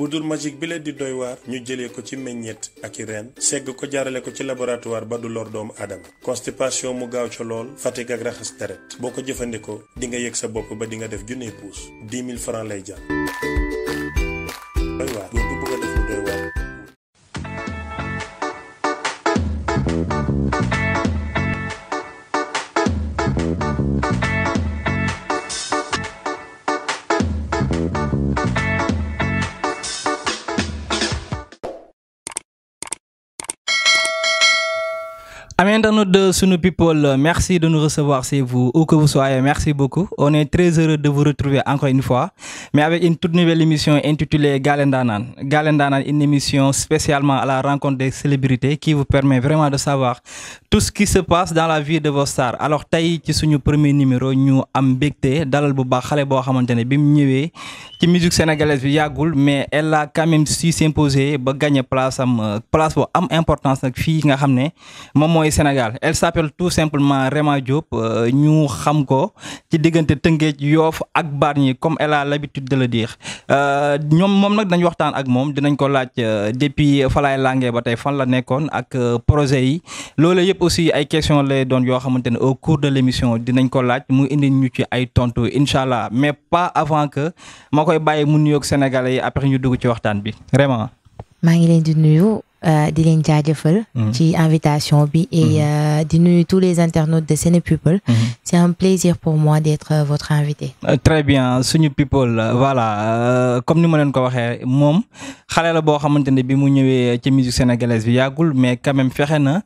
poudre magique bi leen di doy waar ñu jële ko ci meññeet ak i reen segg ko jaarale ko ci laboratoire ba du lor doomu aadama constipation mu gaaw ca lool fatigue ak raxas deret boo ko jëfandikoo di nga yëg sa bopp ba di nga def junne puus 10 000 francs lay jar. de Sunu People, euh, merci de nous recevoir chez vous, où que vous soyez. Merci beaucoup. On est très heureux de vous retrouver encore une fois, mais avec une toute nouvelle émission intitulée Galendanan. Galendanan, une émission spécialement à la rencontre des célébrités qui vous permet vraiment de savoir tout ce qui se passe dans la vie de vos stars alors tey ci suñu premier numéro ñu am mbégte dalal bu baax xale boo xamante ne bi mu ñëwee ci musique sénégalaise bi yàggul mais elle a quand même su s'imposer ba gagné place am place bu am importance nag fii nga xam ne moom mooy Sénégal elle s'appelle tout simplement Rema Diop euh, ñu xam ko ci diggante Tëngéej Yoof ak Bargny comme elle a l'habitude de le dire euh, ñoom moom nag dañ waxtaan ak moom dinañ ko laaj euh, depuis falaay langee ba tey fan la nekkoon ak projet yi aussi ay question lay doon yoo xamante ne au cours de l' émission ko laaj mu indi ñu ci ay tontu incha allah mais pas avant que moo koy bàyyi mu nuyoog Sénégalais yi après ñu dugg ci waxtaan bi vraiment. maa di nuyu Euh, di leen jaajëfal. Mhm. ci invitation bi. et mhm. euh, di nuyu tous les internautes de Sénépeople. Mhm. c'est un plaisir pour moi d'être euh, votre invité. très bien suñu people voilà comme ni ma leen ko waxee moom xale la boo xamante ne bi mu ñëwee ci musique sénégalaise bi yàggul mais quand même fexe na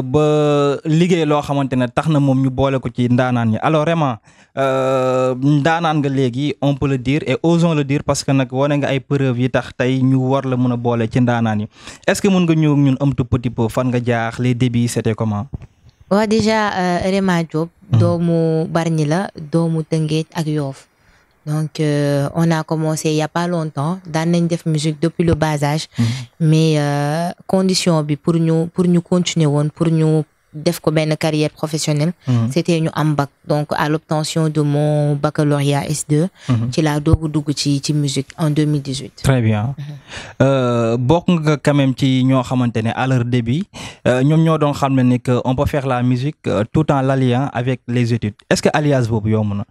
ba liggéey loo xamante ne tax na moom ñu boole ko ci ndaanaan yi alors vraiment. ndaanaan euh, nga léegi on peut le dire et osons le dire parce que nag wane nga ay preuve yi tax tey ñu war la mën a boole ci ndaanaan yi est-ce que mën nga ñëw ñun un tout petit peu fan nga jaax les débuts c'était comment. waaw déjà euh, Rema Diop. Hmm. doomu ñi la doomu Tëngéej ak Yoff. donc euh, on a commencé il y a pas longtemps daan nañ def musique depuis le bas hmm. mais euh, condition bi pour ñu pour ñu continuer woon pour ñu. def ko benn carrière professionnelle mmh. c'était ñu am bac donc à l'obtention de mon baccalauréat s mhm. ci la doogu dugg ci ci musique en 2018 très bien mhm. euh, bokk nga quand ci ñoo xamante ne à leur début euh, ñoom ñoo doon xam ne ni que on peut faire la musique euh, tout en l'alliant avec les études est-ce que alliage boobu yomb na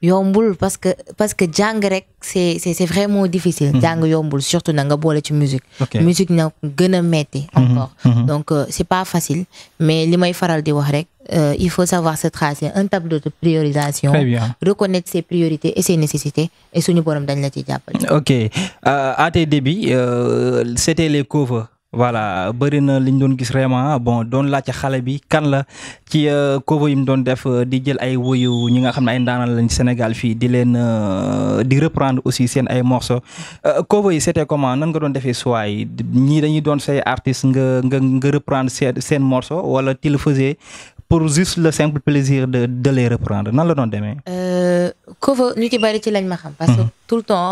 yombul parce que parce que jàng rek c'est c'est vraiment difficile. Mhm. jàng yombul surtout na nga boole ci musique. musique na gën a metti mhm. encore mhm. donc euh, c'est pas facile mais li may faral di wax rek euh, il faut savoir se tracer un tableau de priorisation. reconnaître ses priorités et ses nécessités et suñu borom dañ la ci jàppale. ok euh, à tes débuts c'était les covers. voilà bëri na li ñu doon gis vraiment bon doon laajte xale bi kan la ci euh, cover yi mu doon def euh, di jël ay woyu ñi nga xam ne ay ndaanal lañ Sénégal fii di leen euh, di reprendre aussi seen ay morceaux cover yi c'était comment nan nga doon defee choix yi ñii dañuy doon say artistes nga nga nga reprendre seen seen wala tu le faisais pour juste le simple plaisir de de les reprendre nan la doon demee. cover ñu ci bëri ci lañ xam. parce mhm. tout le temps.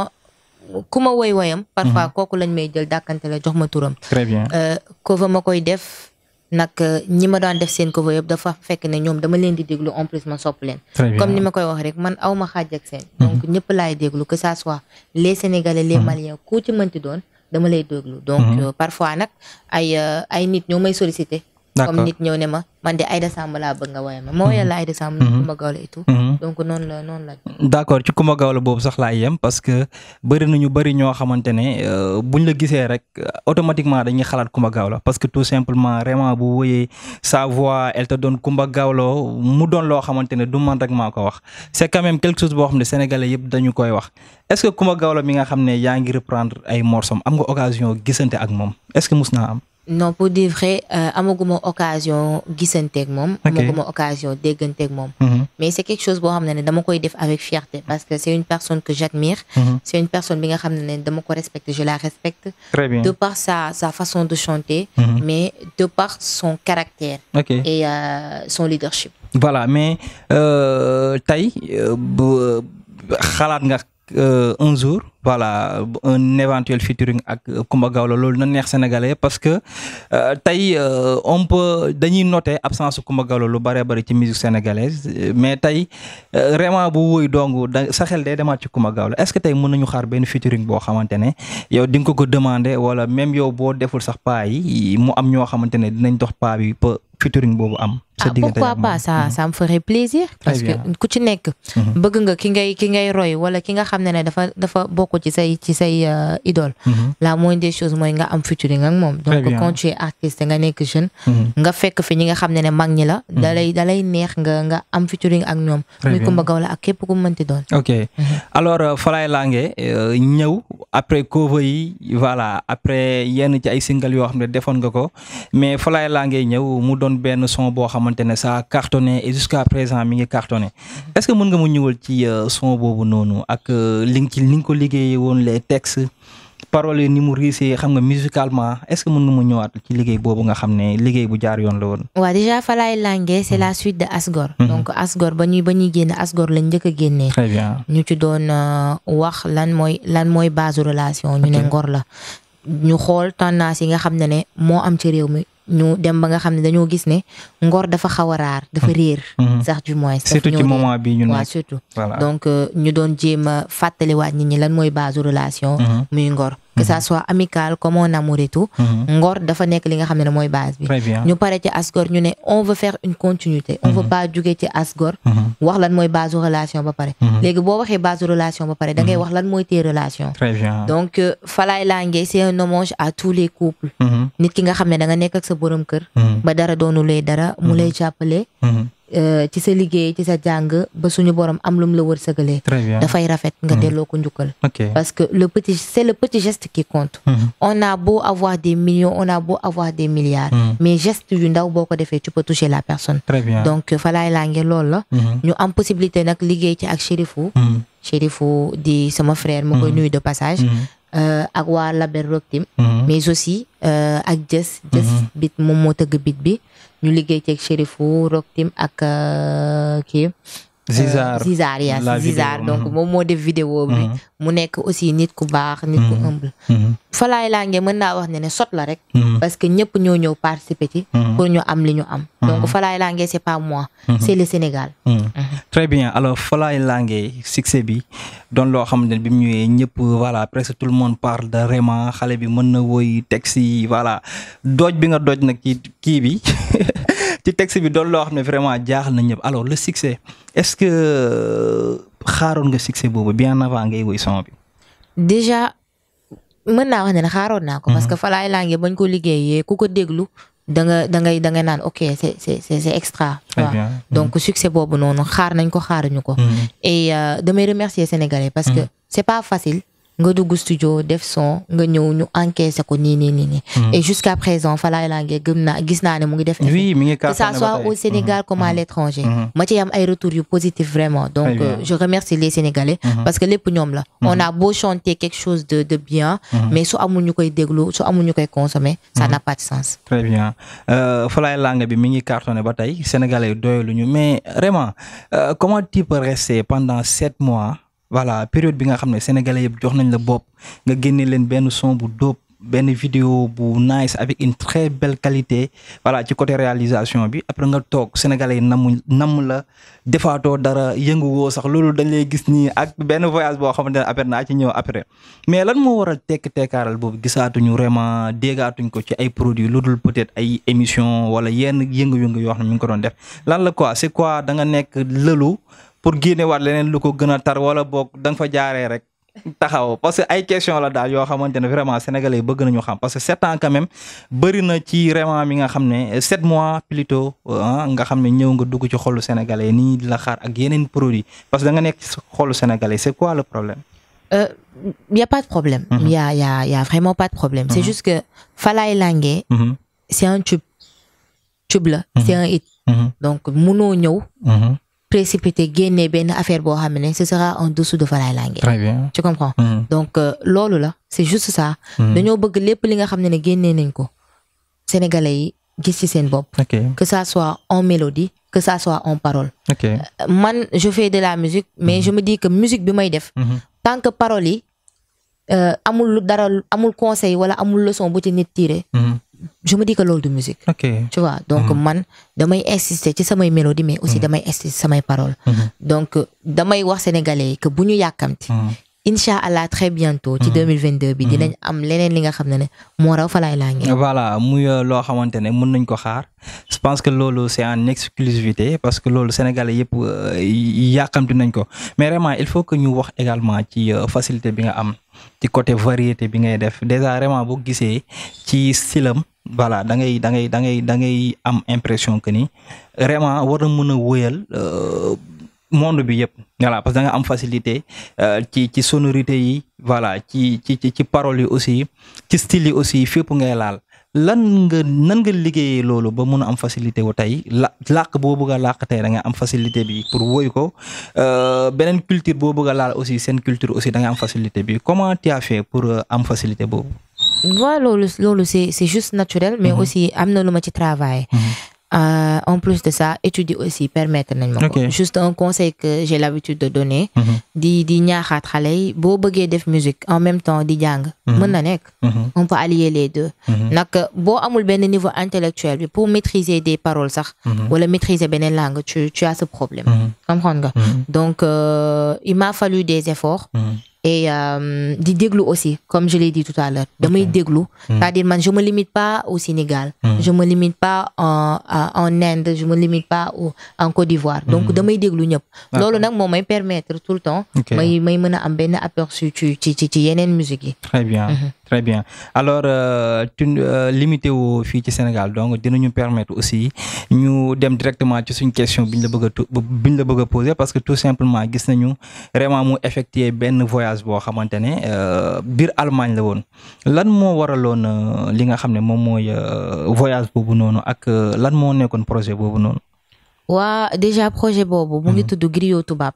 ku ma woy woyam mhm. parfois kooku lañ may jël dàkkante la jox ma turam très euh, ma koy def nag euh, ñi ma daan def seen cover yëpp dafa fekk ne ñoom dama leen di déglu en plus ma sopp leen comme ni ma koy wax rek man aw ma xaaj ak seen mhm. donc ñëpp laay déglu que sa soit les sénégalais les mhm. maliens ku ci mënti doon dama lay déglu donc euh, parfois nag ay ay nit ñoo may sollicité comme nit ñëw ne ma man de Aïda Samb laa bëgg nga woowee ma ma woowee la Aïda Samb. Coumba mhm. Gawlo et tout. Mhm. donc noonu la noonu la. d' ci Coumba Gawlo boobu sax la yem parce que bëri na ñu bëri ñoo xamante ne euh, buñ la gisee rek automatiquement dañuy xalaat Coumba Gawlo parce que tout simplement vraiment bu wëyee sa voix elle te donne Coumba mu doon loo xamante ne du man rek maa ko wax. c' est quelque chose boo xam ne sénégalais yëpp dañu koy wax est ce que Coumba Gawlo mi nga xam ne yaa ngi prendre ay morsom am nga occasion gisante ak moom est ce que mus naa am. non pour de vrai euh, amaguma occasion a ma amaguma occasion dégganteeg moom. Mm-hmm. mais c' quelque chose boo xam ne dama koy def avec fierté parce que c' est une personne que j'admire mm-hmm. c' une personne bi nga xam ne dama ko respecte je la respecte. très bien de par sa sa façon de chanter. Mm-hmm. mais de par son caractère. et euh, son leadership. voilà mais euh, tey bu xalaat nga un jour. voilà un éventuel featuring ak Coumba Gawlo loolu na neex sénégalais parce que euh, tey euh, on peut dañuy noter absence Coumba Gawlo lu bëree bëri ci musique sénégalaise mais tey euh, vraiment bu woy dong da sa day demaat ci Coumba Gawlo est ce que tey mën nañu xaar benn featuring boo xamante ne yow di nga ko ko demander wala même yow boo deful sax paa yi mu am ñoo xamante ne dinañ dox paa bi featuring boobu am. sa ah, diggante pourquoi pas ça mhm. ça me ferait plaisir. parce que ku ci nekk. Mhm. bëgg nga ki ngay ki ngay roy wala ki nga xam ne ne dafa dafa bokk ci say ci say euh, idole. Mhm. la moindre des choses mooy nga am featuring ak moom. donc quand tu es artiste nga nekk jeune. nga fekk fi ñi nga xam ne ne mag ñi la. da lay da lay neex nga nga am featuring ak ñoom. muy Coumba Gawlo ak képp ku mënti doon. ok alors euh, Falaye Langué euh, ñëw après cover yi voilà après yenn ci ay single yoo xam ne defoon nga ko mais Falaye Langué ñëw mu doon doon benn son boo xamante ne ça cartonné et jusqu'à présent mi ngi cartonné est-ce que mën nga mu ñëwal euh, boobu euh, nga ci li nga ko liggéeyee woon les textes paroles yi ni mu xam nga musicalement est-ce que mën nga mu ñëwaat ci liggéey boobu nga ne liggéey bu jaar yoon la woon. déjà Falaye Langué c'est la mm-hmm. suite de Asgor. Mm-hmm. donc Asgor ba ñuy ba ñuy génn Asgor lañ njëkk a génnee. ñu ci doon euh, wax lan mooy base relation ñu ne la. ñu xool tendance yi nga xam ne ne moo am ci mi ñu dem ba nga xam ne dañoo gis ne ngor dafa xaw a raar dafa hmm. réer hmm. sax du moins surtout ci moment bi ñun waaw surtout donc euh, ñu doon jéem a waat nit ñi lan mooy base relation hmm. muy ngor que ça soit amical comme un a et tout mm-hmm. ngor dafa nekk li nga xam ne mooy base bi ñu pare ci asgor ñu ne on veut faire une continuité on veut mm-hmm. pas jugee ci asgor mm-hmm. wax lan mooy base relation ba pare léegi boo waxee base relation ba pare da ngay wax lan mooy tes relations donc euh, Falaye Langué c'est un hommage à tous les couples nit ki nga xam ne da nga nekk ak sa borom kër ba dara doonu lay dara mu lay jàppale Euh, ci sa liggéey ci sa jàng ba suñu borom am lum la war wërsëgalee. dafay rafet nga mhm. delloo ko njukkal. parce que le petit c'est le petit geste qui compte. Mhm. on a beau avoir des millions on a beau avoir des milliards. Mhm. mais gest yu ndaw boo ko defee ci peux toucher la personne. donc euh, fa laay laange loolu la. ñu am possibilité nag liggéey ci ak Chérifou. Chérifou di sama frère. ma koy nuyu de passage. Euh, ak waa Label Rock Team mais aussi ak Jess. Jess bit moom moo tëgg bit bi. ñu liggéey ceeg Chérifou Rock Team ak euh, kii Zizar euh, Zizar yes Zizar donc mm-hmm. moom moo def video bi mm-hmm. mu nekk aussi nit ku baax nit ku mm-hmm. humble falaay laange mën naa wax ne ne sot la rek parce que ñëpp ñoo ñëw participer ci pour ñu am li ñu am donc falaay laange c'est pas moi c'est le Sénégal très bien alors falaay laange succès bi don loo xam ne bi mu ñëwee ñëpp voilà presque tout le monde parle de Rema xale bi mën na woy texte yi voilà dooj bi nga dooj nag kii bi ci texte bi doon loo xam ne vraiment jaaxal na ñëpp alors le succès est-ce que euh, xaaroon nga succès boobu bien avant ngay woy son bi. déjà mën naa wax ne xaaroon naa ko. parce que mhm. Falaay laangee bañ ko liggéeyee ku ko déglu. da nga da ngay da ngay naan ok c'est extra. Mhm. donc succès boobu noonu xaar nañ ko xaaruñu ko. Mhm. et euh, damay remercier sénégalais parce que c'est pas facile. nga dugg studio def son nga ñëw ñu encaissé ni nii nii nii nii. Hmm. et jusqu'à présent Falaye Langue gëm naa gis naa ne mu ngi def. oui mi ngi ça soit au Sénégal hmm. comme à hmm. l'étranger. ma ci ay retours yu positif vraiment. donc euh, je remercie les Sénégalais. parce que lépp ñoom la. on a beau chanter quelque chose de de bien. mais su amul koy déglu su amul ñu koy consommer. ça n'a pas de sens. très bien euh, bi mi ngi cartonné ba tey Sénégalais doyaluñu mais vraiment euh, comment tu peux rester pendant sept mois. voilà période bi nga xam ne sénégalais yëpp jox nañ la bopp nga génne leen benn son bu dóob benn vidéo bu nice avec une très belle qualité voilà ci côté réalisation bi après nga toog sénégalais yi namu namm la defaatoo dara yënguwoo sax loolu dañ lay gis nii ak benn voyage boo xamante ne après naa ci ñëw après mais lan moo waral tekk tekkaaral boobu gisaatuñu vraiment déggaatuñ ko ci ay produits lu dul peut-être ay émission wala yenn yëngu-yëngu yoo xam ne mi ngi ko doon def lan la quoi da nga nekk lëlu pour génnewaat leneen lu ko gën a tar wala boog da nga fa jaaree rek taxaw parce que ay question la daal yoo xamante ne vraiment sénégalais yi bëgg nañu xam parce que sept ans quand même na ci vraiment mi nga xam ne sept mois plutôt ah, nga xam ne ñëw nga dugg ci xolu sénégalais nii di la xaar ak yeneen produit parce que da nga nekk ci xolu sénégalais c'est quoi le problème. Euh, y a pas de problème. Mm -hmm. y a y a y a vraiment pas de problème. c'est mm -hmm. juste que Falaye Langué. Mm un tube tube la. Mm-hmm. c'est un hit. Mm-hmm. donc munoo ñëw. précipité génne benn affaire boo xam ne ce sera en dessous de Falaye Langué. très bien tu comprends. Mm. donc euh, loolu la c' est juste ça. Mm-hmm. dañoo bëgg lépp li nga xam ne ne génne nañ ko sénégalais yi gis ci seen bopp. Okay. que ça soit en mélodie que ça soit en parole. Okay. Euh, man je fais de la musique mais mm. je me dis que musique bi may def. tant que paroles Euh, amul lu dara amul conseil wala amul leçon bu ci nit tiire mm-hmm. je me dis que loolu du musique. ok tu donc mm-hmm. man damay insister ci samay mélodie mais aussi mm-hmm. damay insister samay paroles. donc damay wax sénégalais yi que bu ñu yàkkamti. incha allah très bientôt. ci 2022 mm-hmm. bi mm-hmm. dinañ am leneen li nga xam ne ne moo raw fa laay laa ngeen. voilà muy euh, loo xamante ne mën nañ ko xaar je pense que loolu c'est en exclusivité parce que loolu Sénégalais yëpp euh, yàqamti nañ ko mais vraiment il faut que ñu wax également ci euh, facilité bi nga am ci côté variété bi ngay def déjà vraiment boo gisee ci silam voilà da ngay da ngay da ngay da ngay am impression que ni vraiment war na mën a wóyal. monde bi yëpp voilà parce que da am facilité euh, ci ci sonorité yi voilà ci ci ci paroles yi aussi ci style yi aussi fépp ngay laal lan nga nan nga liggéeyee loolu ba mun a am facilité wu tey la làkk boo bëgg a làkk tey da nga am facilité bi pour woy ko euh, beneen culture boobu ga laal aussi seen culture aussi da am facilité bi comment tu a fait pour euh, am facilité boobu. voilà loolu c'est juste naturel mais mhm. aussi am na lu travail. Mhm. Euh, en plus de ça études yi aussi permettre nañ ma ko juste un conseil que j'ai l'habitude de donner mm-hmm. di ñaaxaat xale yi boo bëggee def musique en même temps di jàng mm-hmm. mën na nekk mm-hmm. on peut allier les deux nag boo amul benn niveau intellectuel bi pour maîtriser des paroles sax wala maîtriser beneen langue tu tu as ce problème comprendre nga donc euh, il m'a fallu des efforts et euh, di déglu aussi comme je l'ai dit tout à l'heure damay okay. déglu mm. c'est-à-dire man je me limite pas au Sénégal mm. je limite pas en Inde je me limite pas en Côte d'Ivoire donc hmm. damay déglu ñëpp loolu nag moom may permettre tout le temps may may mën a am benn aperçu ci ci ci yeneen musique yi très bien alors euh, tu euh, limité fii ci Sénégal donc dinañu permettre aussi ñu dem directement ci suñ question bi ñu la bëgg a bi la bëgg a poser parce que tout simplement gis nañu vraiment mu effectuer benn voyage boo xamante ne euh, biir Allemagne la woon lan moo waraloon li nga xam ne moom mooy voyage boobu noonu ak lan moo nekkoon projet boobu noonu. waa déjà projet boobu. mu ngi mhm. tudd griot tubaab.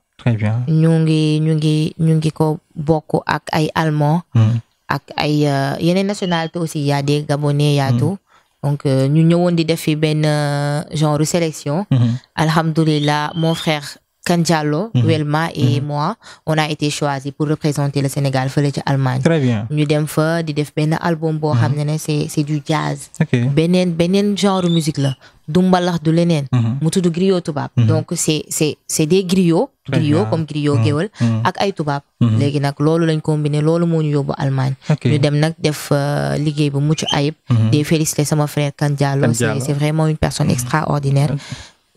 ñu ngi ñu ngi ko bokk ak ay allemand. Mhm. ak ay uh, yeneen nationalité aussi y a des Gabonais y a mm-hmm. tout donc euh, ñu ñëwoon di def fi benn uh, genre sélection mm-hmm. alhamdoulilah mon frère Kanjalo, mm -hmm. Welma et mm -hmm. moi, on été choisis pour représenter le Sénégal fële ci Allemagne. Très ñu dem fa di def benn album boo mhm. xam ne ne c'est c'est du jazz. Okay. beneen beneen genre musique la. du du leneen. Mhm. mu tudd griot tubaab. Mhm. donc c'est c'est c'est des griots. griot comme griot géwël. ak ay tubaab. léegi nag loolu lañ combiné loolu moo ñu yóbbu almaañ ñu dem nag def euh, liggéey bu mucc ayib. di féliciter sama frère Kanjalo c'est c'est vraiment une personne extraordinaire.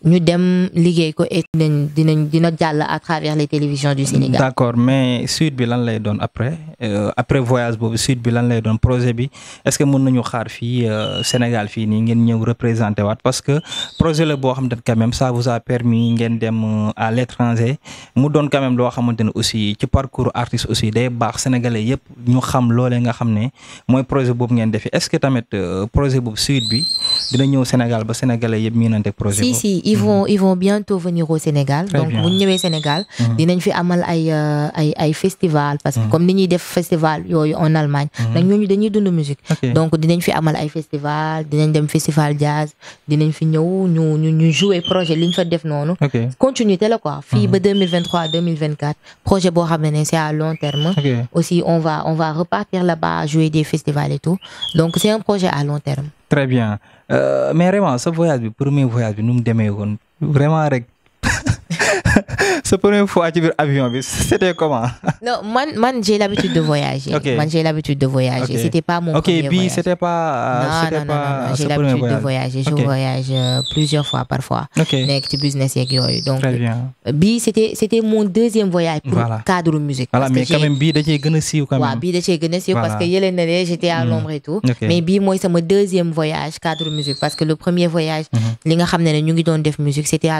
ñu dem liggéey ko et dinañ dinañ dina jàll à travers les télévisions du Sénégal. d'accord mais suite bi lan lay doon après euh, après voyage boobu suite bi lan lay doon projet bi est-ce que mën nañu xaar fii euh, Sénégal fii nii ngeen ñëw représenter waat parce que projet la boo xam ne quand même ça vous a permis ngeen dem euh, à l'étranger mu doon quand même loo xamante ne aussi ci parcours artiste aussi day baax sénégalais yépp ñu xam loolee nga xam ne mooy projet boobu ngeen defi est-ce que tamit projet boobu suite bi dina ñëw Sénégal ba sénégalais yépp miinante projet boobu. ils mhm. vont ils vont bientôt venir au Sénégal donc bu ñu ñëwee Sénégal mhm. dinañ fi amal ay euh, ay ay festival parce que mhm. comme ni ñuy def festival yooyu en Allemagne nag ñooñu dañuy dund musique donc dinañ fi amal ay festival dinañ dem festival jazz dinañ fi ñëw ñu ñu ñu jouer projet liñ fa def noonu continuité la quoi fii ba 2023 2024 projet boo xam ne c'est à long terme aussi on va on va repartir là ba jouer des festivals et tout donc c'est un projet à long terme très bien euh, mais vraiment sa voyage bi premier voyage bi nu mu demee vraiment rek sa première fois ci biir avion bi c'était comment. non man man l'habitude de voyager. ok man j'ai l'habitude de voyager. c'était pas mon premier voyage. Euh, non non non, non j'ai l'habitude de voyager je okay. Euh, plusieurs fois parfois. nekk ci business yeeg yooyu donc. très c'était mon deuxième voyage. pour cadre musique. a a siiw parce que yële na j'étais à hmm. Londres et mais bii mooy sama deuxième voyage cadre musique parce que le premier voyage. Hmm. li nga xam ne ne ñu def musique c'était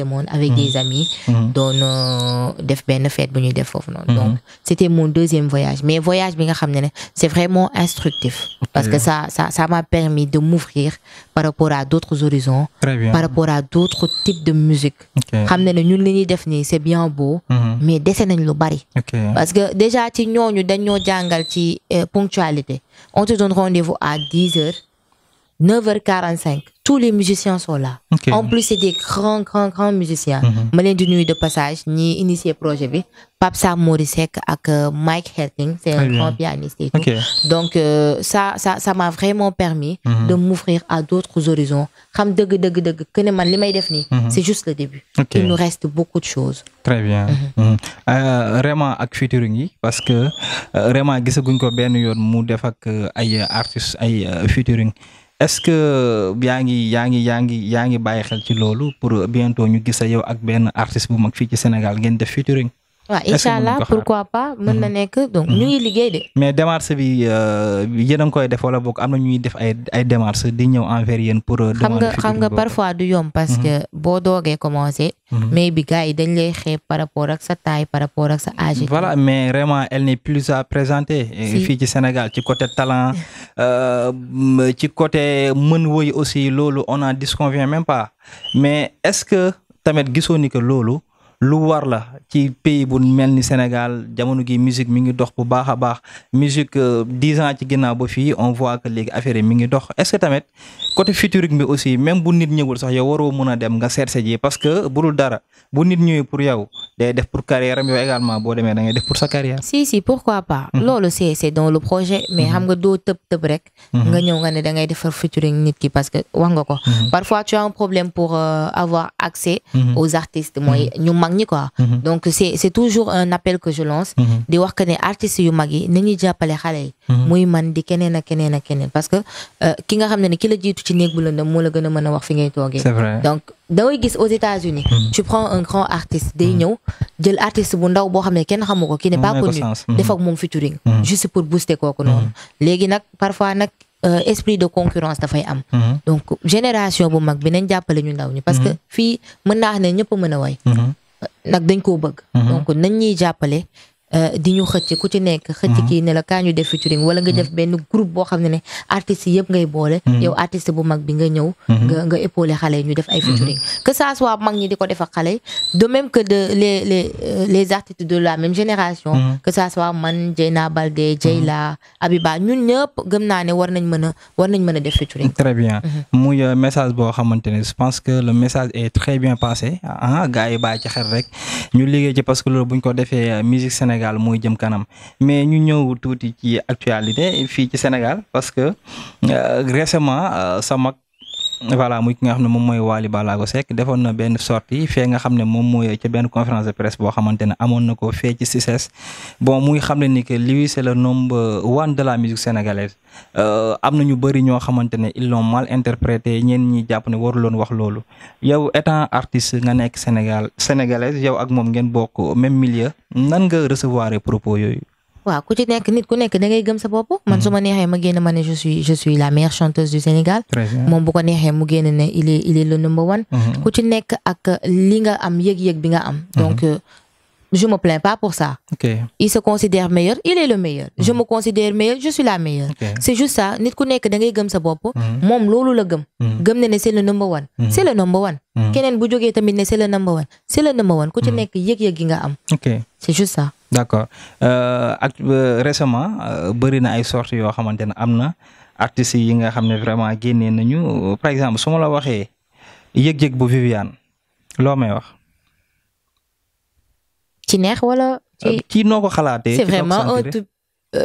demoon avec des mhm. amis mhm. doon euh, def benn fête bu ñuy def foofu noonu mhm. donc c'était mon deuxième voyage mais voyage bi nga xam ne c'est vraiment instructif parce que ça m'a permis de m'ouvrir par rapport à d'autres horizons par rapport à d'autres types de musique xam ne ñun li ñuy def nii c'est bien beau mais dese nañ lu bari parce que déjà ci ñooñu dañoo jàngal ci euh, ponctualité on te donne à dix heures 9 h cinq tous les musiciens sont là. Okay. en plus c'est des grands grands grands musiciens. Mm-hmm. ma leen di nuyu de passage ñi initier projet bi Pape sa Mori Seck ak euh, Mike Helting c'est un grand pianiste tout. donc euh, ça ça ça m'a vraiment permis. Mm-hmm. de m'ouvrir à d'autres horizons xam dëgg dëgg dëgg que man li may def nii. Mm-hmm. c'est juste le début. Okay. il nous reste beaucoup de choses. très vraiment euh, ak featuring yi parce que vraiment euh, gisaguñ ko benn yoon mu def ak ay artistes ay featuring est-ce que yaa ngi yaa ngi yaa ngi yaa ngi bàyyi xel ci loolu pour bientôt ñu gis yow ak benn artiste bu mag fii ci Sénégal ngeen def featuring waaw incha allah pourquoi pas mën na nekk donc mhm. ñu ngi liggéey de. mais démarche bi euh, yéen a ngi koy def wala am na ñuy def ay ay démarches di ñëw envers yéen pour. Euh, xam nga xam nga parfois du yomb parce mhm. que boo doogee commencé. Mhm. mais bi gars yi dañ lay xeeb par rapport ak sa taille par rapport ak sa âge. voilà mais vraiment elle n'est plus à présenter. fii ci Sénégal ci côté talent euh, ci côté mën woy aussi loolu on n'en disconvient même pas mais est-ce que tamit gisoo ni loolu. lu war la ci pays bu mel ni Sénégal jamono gi musique mi ngi dox bu baax a baax musique euh, dix ans ci ginnaaw ba fii on voit que léegi affaire yi mi ngi dox est-ce que tamit côté futurique bi aussi même bu nit ñëwul sax yow waroo mun a dem nga seet sa ji parce que bu dul dara bu nit ñëwee pour yow day def pour carrière am yow également boo demee da def pour sa carrière. si si pourquoi pas. Mhm. loolu c'est c'est dans le projet. mais mhm. xam nga doo tëb tëb rek. Mhm. nga ñëw nga ne ngay defar featuring nit ki parce que wax nga ko. parfois tu as un mag ñi mhm. donc c'est toujours un appel que je lance mhm. wax que ne artistes yu mag yi na ñuy jàppale xale yi mhm. muy man di keneen ak keneen ak keneen parce que euh, ki nga xam ne ne ki la jiitu ci néeg bu lëndëm moo la gën a wax fi ngay toogee donc dangay gis aux États-Unis tu prends un grand artiste day ñëw jël artiste bu ndaw boo xam ne kenn xamu ko ki n'est pas connu def ak moom featuring juste pour booster kooku noonu léegi nag parfois nag euh, esprit de concurrence dafay am donc génération bu mag bi nañ jàppale ñu ndaw ñi parce que fii mën naa wax ne ñëpp mën a nag dañ ko bëgg. Mm-hmm. donc nañ ñuy jàppale Euh, di ñu xëcc ku ci nekk. xëcc mm-hmm. la kaa ñu def featuring wala nga mm-hmm. def benn groupe boo xam ne ne artistes yëpp ngay boole. Mm-hmm. yow artiste bu mag bi nga ñëw. nga nga épaulé xale yi ñu def ay featuring. que ça soit mag ñi di ko def xale de même que de le les euh, les artistes de la même génération. que ça soit man Dieyna Baldé Dieyla Abiba ñun ñëpp gëm naa ne war nañ mën a war nañ mën def featuring. très bien muy euh, message boo xamante ne je pense que le message est très bien passé ah gars ci xel rek Sénégal mooy jëm kanam mais ñu ñëw tuuti ci actualité fii ci Sénégal parce que euh, récemment euh, sa voilà muy ki nga xam ne moom mooy waali Balago Seck defoon na benn sortie fee nga xam ne moom mooy ca benn conférence de presse boo xamante ne amoon na ko fee ci CICES bon muy xam ne ni que lui c'est le number one de la musique sénégalaise euh, am na ñu bëri ñoo xamante ne ils l'ont mal interprété ñeen ñi jàpp ne waruloon wax loolu yow étant artiste nga nekk Sénégal sénégalaise yow ak moom ngeen bokk même milieu nan nga recevoir propos yooyu. waaw ku ci nekk nit ku nekk da ngay gëm sa bopp. man mhm. su ma neexee ma génn ma ne je suis la meilleure chanteuse du Sénégal. moom bu ko neexee mu génn ne il est il est le number one. Mhm. ku ci nekk ak li nga am yëg-yëg bi nga am. Mhm. donc euh, je me plains pas pour ça. Okay. il se considère meilleur il le meilleur. je me considère meilleur je suis la meilleure. Okay. juste ça nit ku nekk da ngay gëm sa bopp. moom loolu la gëm. gëm na ne se est le number one. Mm -hmm. le number one. keneen bu jógee tamit ne c' est le number one. c' est le number ci nekk yëg-yëg gi nga am. ok d'accord euh, ak euh, récemment euh, bëri na ay sorties yoo xamante ne am na artistes yi nga xam ne vraiment génnee nañu par exemple su ma la waxee yëg-yëg bu Viviane loo may wax. ci neex wala. ci noo ko xalaatee. c'est vraiment un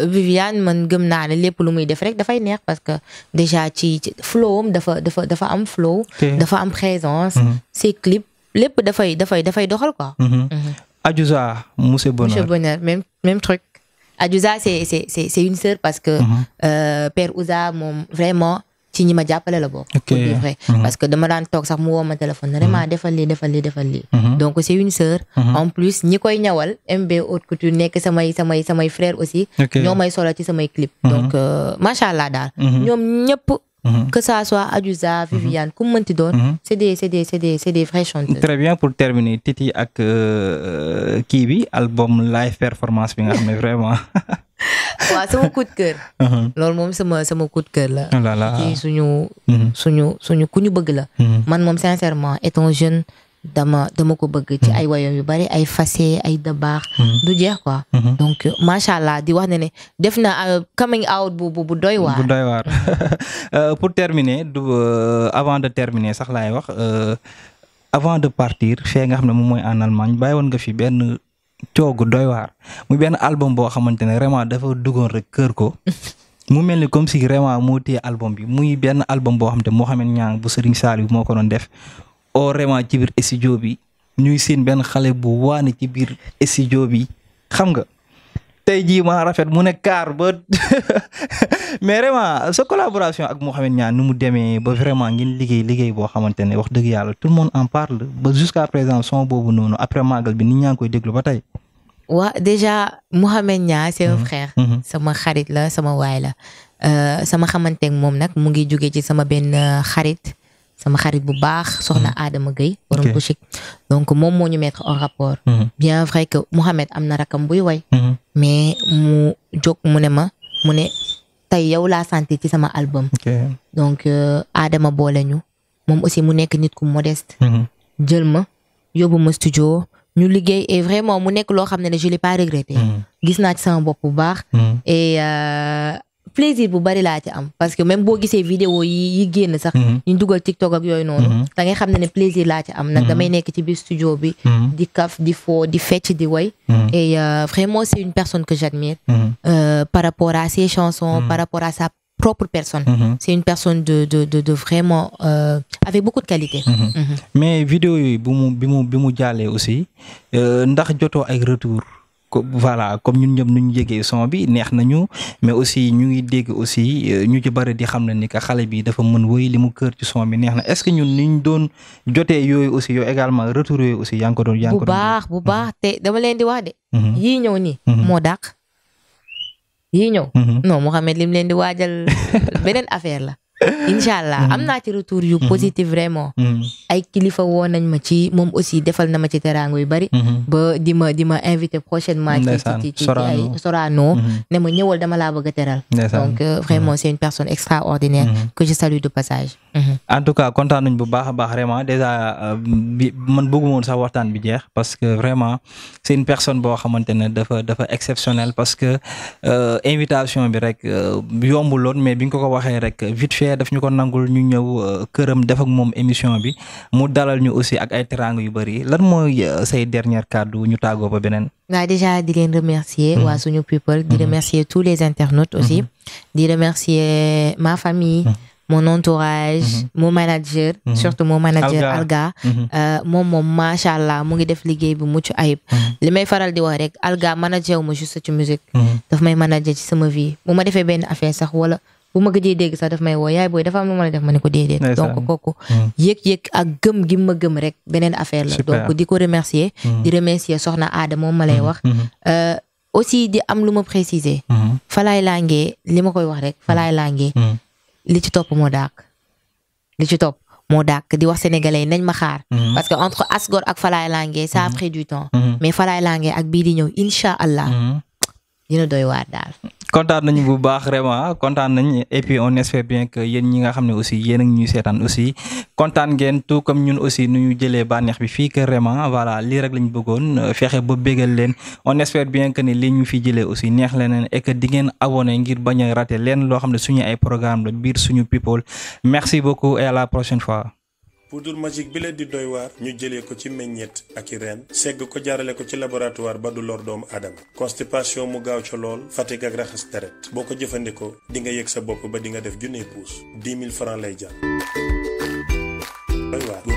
Viviane man gëm naa ne lépp lu muy def rek dafay neex parce que déjà ci flowam dafa dafa dafa am flow. dafa am présence. Mm-hmm. ses clips lépp dafay dafay dafay doxal quoi. Mm-hmm. Mm-hmm. Adjouza, Moussé Bonheur. Moussé Bonheur, même, c'est, une sœur parce que mm -hmm. euh, Père Ouza, ci ñi ma jàppale la bokk. ok pour vrai. Mhm. parce que dama daan toog sax mu woo ma téléphone. vraiment mhm. defal lii defal lii defal lii. Mhm. donc c' une sœur. en plus ñi koy ñawal MB haute couture nekk samay samay samay frères aussi. ñoo may solo ci samay clip. donc euh, macha allah daal. ñoom ñëpp. Mm-hmm. que ça soit Adiouza mm-hmm. Viviane ku mu mënti doon. Mm-hmm. c' est des c' est des très bien pour terminer Titi ak euh, euh, kii bi album live performance bi nga xam ne vraiment. waa sama coup de cœur. loolu moom sama sama coup de la. voilà oh suñu suñu suñu ku bëgg la. man moom sincèrement étant jeune. dama dama ko bëgg ci mm-hmm. ay wayoom yu bari ay fase ay dabaax mm-hmm. du jeex quoi mm-hmm. donc macha allah di wax ne ne def na euh, coming out bu bu doy waar bu doy waar euh, pour terminer du euh, avant de terminer sax laay wax avant de partir fee nga xam ne moom mooy en Allemagne woon nga fi benn coogu doy waar muy benn album boo xamante ne vraiment dafa duggoon rek kër ko mu mel ni comme si vraiment moo téye album bi muy benn album boo xam te Mouhamed Niang bu Serigne Saliou moo ko doon def oo vraiment ci biir studio bi ñuy siin benn xale bu waane ci biir studio bi xam nga tey jii maa rafet mu ne kaar ba mais vraiment sa collaboration ak Mouhamed Niang nu mu demee ba vraiment ngeen liggéey liggéey boo xamante ne wax dëgg yàlla tout le monde en parle ba jusqu'à présent son boobu noonu après màggal bi nit ñaa ngi koy déglu ba tey. waa déjà mu Niang ñaa un mm-hmm. frère. Mm-hmm. sama xarit la sama waay la euh, sama xamanteeg moom nag mu ngi jóge ci sama benn xarit. sama xarit bu baax soxna mm-hmm. Adama Gueye borom bouchique donc moom moo ñu mettre en rapport mm-hmm. bien vrai que Mouhamed am na rakam buy way mm-hmm. mais mu jóg mu ne ma mu ne tey yow laa santé ci sama album donc euh, Adama boole ñu moom aussi mu nekk nit ku modeste jël ma yóbbu ma studio ñu liggéey et vraiment mu nekk loo xam ne ne je pas regretté gis naa ci sama bopp bu baax euh, plaisir bu bari laa ci am parce que même boo gisee vidéo yi yi génn sax mhm. ñu dugal TikTok ak yooyu noonu mhm. da ngay xam ne ne plaisir laa am nag mhm. damay nekk ci biir studio bi di kaf di foo di fecc di woy et euh, vraiment c'est une personne que j'admire euh, par rapport à ses chansons par rapport à sa propre personne. Mm C'est une personne de, de, de, de vraiment euh, avec beaucoup de qualité. Mm bi mu bi mu vidéo, aussi, euh, ndax euh, retour voilà comme ñun ñëpp nu ñu yëgee son bi neex nañu mais aussi ñu ngi dégg aussi euh, ñu ci bëri di xam ne ni que xale bi dafa mën woy li mu kër ci son bi neex na est-ce que ñun ni ñu doon jotee yooyu aussi yow également retour yooyu aussi yaa ngi ko doon yaa ngi bu baax bu baax mhm. te dama leen di wax de. Mhm. yii ñëw nii. Mhm. moo dàq yii ñëw. non Mouhamed lim leen di waajal beneen affaire la. incha allah mm. am naa ci retour yu mm-hmm. positif vraiment. Mm. ay kilifa woo nañ ma ci moom aussi defal na ma ci teraangu yu bari. Mm-hmm. ba di ma di ma invité prochainement. ci ci ay Sorano. Mm-hmm. ne ma ñëwal dama laa bëgg a teral. donc euh, vraiment c'est une personne extraordinaire. que je salue de passage. en tout cas kontaan nañ bu baax a baax vraiment déjà euh, man bëgguma woon sax waxtaan bi jeex parce que vraiment c'est une personne boo xamante ne dafa dafa exceptionnelle parce que euh, invitation bi rek yombul loon mais biñ ko ko waxee fee daf ñu ko nangul ñu ñëw euh, këram def ak moom émission bi mu dalal ñu aussi ak ay teraanga yu bëri lan mooy euh, say dernière kàddu ñu tàggoo ba beneen. waaw déjà di leen remercier mhm. waa suñu people di mhm. remercier tous les internautes mhm. aussi di remercier ma famille. mon entourage mon manager surtout mon manager Alga euh, moom moom macha allah mu ngi def liggéey bu mucc ayib li may faral di wax rek Alga manager wu ma juste ci musique daf may manager ci sama vie bu ma defee bu ma gëjee dégg sax daf may woo yaay booy dafa am lu ma la def ma ne ko déedéet donc kooku mm. yëg-yëg ak gëm gi ma gëm rek beneen affaire la donc di ko remercier mm. di remercier soxna aada moom ma lay mm-hmm. wax mm-hmm. Euh, aussi di am lu ma préciser mm-hmm. falaay laangee li ma koy wax rek falaay laangee li ci topp moo daak li ci topp moo dàkk di wax sénégalais yi nañ ma xaar. parce que entre Asgor ak Falaay Lange ça a pris mais Falaay Lange ak bii di ñëw incha allah. dina doy waar daal. kontaan nañu bu baax vraiment kontaan nañ et puis on bien que yéen ñi nga xam ne aussi yéen a ngi seetaan aussi kontaan ngeen tout comme ñun aussi nu ñu jëlee bànneex bi fii que vraiment voilà lii rek lañu bëggoon euh, fexe ba bégal leen on nesper bien que ni li ñu fi jëlee aussi neex leneen et que di ngeen abonné ngir bañ a leen loo xam ne suñu ay programme la biir suñu people merci beaucoup et à la prochaine fois pour poudre magique bi leen di doy waar ñu jëlee ko ci meññeet ak i reen segg ko jaarale ko ci laboratoire ba du lor doomu aadama constipation mu gaaw ca lool fatigue ak raxas deret boo ko jëfandikoo di nga yëg sa bopp ba di nga def junne puus 10 mille francs lay jar doy